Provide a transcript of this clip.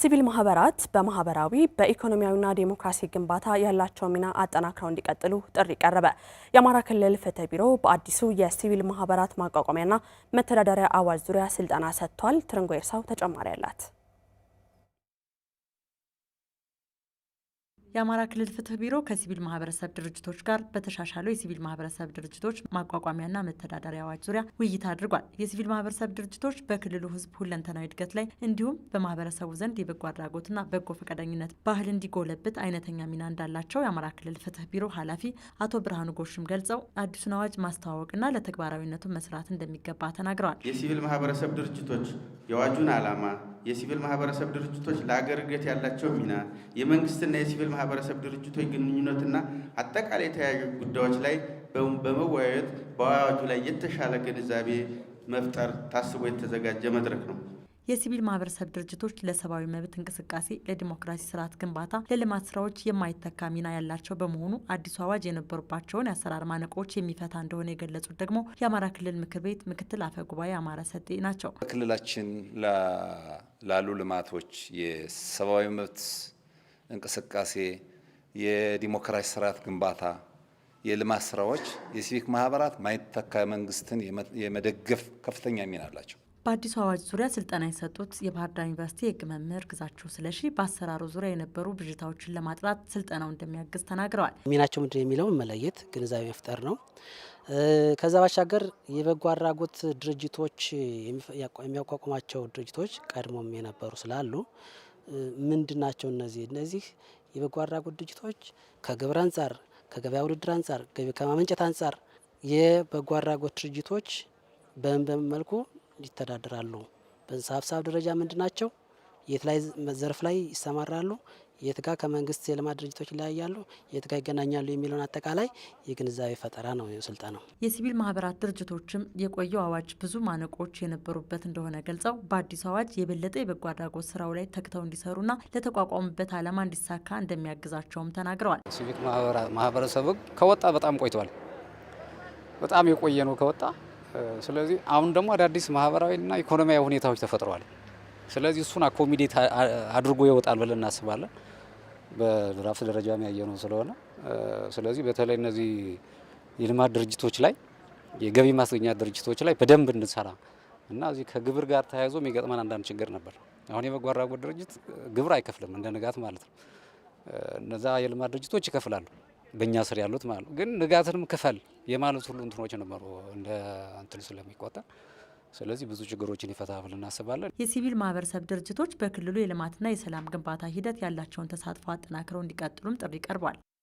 ሲቪል ማህበራት በማህበራዊ በኢኮኖሚያዊና ዴሞክራሲ ግንባታ ያላቸው ሚና አጠናክረው እንዲቀጥሉ ጥሪ ቀረበ። የአማራ ክልል ፍትህ ቢሮ በአዲሱ የሲቪል ማህበራት ማቋቋሚያና መተዳደሪያ አዋጅ ዙሪያ ስልጠና ሰጥቷል። ትርንጎ ኤርሳው ተጨማሪ አላት። የአማራ ክልል ፍትህ ቢሮ ከሲቪል ማህበረሰብ ድርጅቶች ጋር በተሻሻለው የሲቪል ማህበረሰብ ድርጅቶች ማቋቋሚያና መተዳደሪያ አዋጅ ዙሪያ ውይይት አድርጓል። የሲቪል ማህበረሰብ ድርጅቶች በክልሉ ህዝብ ሁለንተናዊ እድገት ላይ እንዲሁም በማህበረሰቡ ዘንድ የበጎ አድራጎትና በጎ ፈቃደኝነት ባህል እንዲጎለብት አይነተኛ ሚና እንዳላቸው የአማራ ክልል ፍትህ ቢሮ ኃላፊ አቶ ብርሃኑ ጎሽም ገልጸው አዲሱን አዋጅ ማስተዋወቅና ለተግባራዊነቱ መስራት እንደሚገባ ተናግረዋል። የሲቪል ማህበረሰብ ድርጅቶች የአዋጁን ዓላማ፣ የሲቪል ማህበረሰብ ድርጅቶች ለአገር እድገት ያላቸው ሚና፣ የመንግስትና የሲቪል ማህበረሰብ ድርጅቶች ግንኙነትና አጠቃላይ የተለያዩ ጉዳዮች ላይ በመወያየት በአዋጁ ላይ የተሻለ ግንዛቤ መፍጠር ታስቦ የተዘጋጀ መድረክ ነው። የሲቪል ማህበረሰብ ድርጅቶች ለሰብአዊ መብት እንቅስቃሴ፣ ለዲሞክራሲ ስርዓት ግንባታ፣ ለልማት ስራዎች የማይተካ ሚና ያላቸው በመሆኑ አዲሱ አዋጅ የነበሩባቸውን የአሰራር ማነቆዎች የሚፈታ እንደሆነ የገለጹት ደግሞ የአማራ ክልል ምክር ቤት ምክትል አፈ ጉባኤ አማረ ሰጤ ናቸው። በክልላችን ላሉ ልማቶች የሰብአዊ መብት እንቅስቃሴ፣ የዲሞክራሲ ስርዓት ግንባታ፣ የልማት ስራዎች የሲቪክ ማህበራት ማይተካ መንግስትን የመደገፍ ከፍተኛ ሚና አላቸው። በአዲሱ አዋጅ ዙሪያ ስልጠና የሰጡት የባህር ዳር ዩኒቨርሲቲ የህግ መምህር ግዛቸው ስለሺ በአሰራሩ ዙሪያ የነበሩ ብዥታዎችን ለማጥራት ስልጠናው እንደሚያግዝ ተናግረዋል። ሚናቸው ምንድን የሚለውን መለየት፣ ግንዛቤ መፍጠር ነው። ከዛ ባሻገር የበጎ አድራጎት ድርጅቶች የሚያቋቁማቸው ድርጅቶች ቀድሞም የነበሩ ስላሉ ምንድን ናቸው እነዚህ? እነዚህ የበጎ አድራጎት ድርጅቶች ከግብር አንጻር፣ ከገበያ ውድድር አንጻር፣ ገቢ ከማመንጨት አንጻር የበጎ አድራጎት ድርጅቶች በምን በምን መልኩ ይተዳደራሉ? በንሳ ሀሳብ ደረጃ ምንድን ናቸው? የት ላይ ዘርፍ ላይ ይሰማራሉ፣ የት ጋር ከመንግስት የልማት ድርጅቶች ይለያያሉ፣ የት ጋር ይገናኛሉ የሚለውን አጠቃላይ የግንዛቤ ፈጠራ ነው ስልጠናው። የሲቪል ማህበራት ድርጅቶችም የቆየው አዋጅ ብዙ ማነቆች የነበሩበት እንደሆነ ገልጸው በአዲሱ አዋጅ የበለጠ የበጎ አድራጎት ስራው ላይ ተግተው እንዲሰሩና ለተቋቋሙበት አላማ እንዲሳካ እንደሚያግዛቸውም ተናግረዋል። ሲቪል ማህበረሰቡ ከወጣ በጣም ቆይቷል። በጣም የቆየ ነው ከወጣ። ስለዚህ አሁን ደግሞ አዳዲስ ማህበራዊና ኢኮኖሚያዊ ሁኔታዎች ተፈጥረዋል። ስለዚህ እሱን አኮሚዴት አድርጎ ይወጣል ብለን እናስባለን። በድራፍት ደረጃ ያየ ነው ስለሆነ ስለዚህ በተለይ እነዚህ የልማት ድርጅቶች ላይ የገቢ ማስገኛ ድርጅቶች ላይ በደንብ እንሰራ እና እዚህ ከግብር ጋር ተያይዞ የሚገጥመን አንዳንድ ችግር ነበር። አሁን የበጎ አድራጎት ድርጅት ግብር አይከፍልም እንደ ንጋት ማለት ነው። እነዛ የልማት ድርጅቶች ይከፍላሉ በእኛ ስር ያሉት ማለት ነው። ግን ንጋትንም ክፈል የማለት ሁሉ እንትኖች ነበሩ እንደ እንትን ስለሚቆጠር ስለዚህ ብዙ ችግሮችን ይፈታል ብለን እናስባለን። የሲቪል ማህበረሰብ ድርጅቶች በክልሉ የልማትና የሰላም ግንባታ ሂደት ያላቸውን ተሳትፎ አጠናክረው እንዲቀጥሉም ጥሪ ቀርቧል።